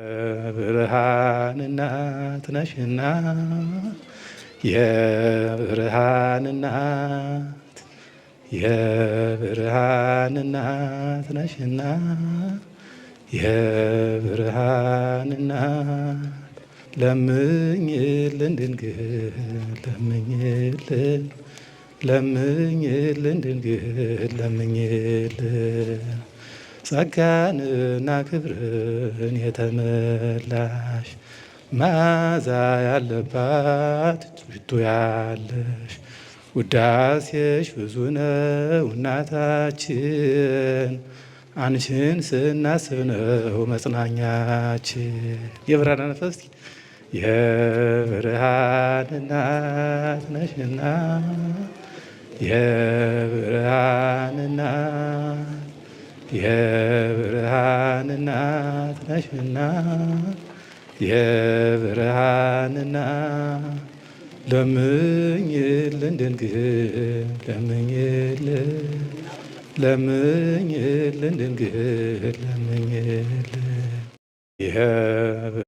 የብርሃን እናት ነሽና የብርሃን እናት የብርሃን እናት ነሽና የብርሃን እናት ለምኝልን ድንግል ለምኝልን ለምኝልን ድንግል ለምኝልን ጸጋንና ክብርን የተመላሽ መዓዛ ያለባት ሽቱ ያለሽ ውዳሴሽ ብዙ ነው እናታችን አንቺን ስናስብ ነው መጽናኛችን። የብርሃን ነፈስ የብርሃን እናት ነሽና የብርሃን እናት የብርሃን እናት ነሽና የብርሃን እናት ለምኝልን ድንግል ለምኝልን ለምኝልን ድንግል ለምኝልን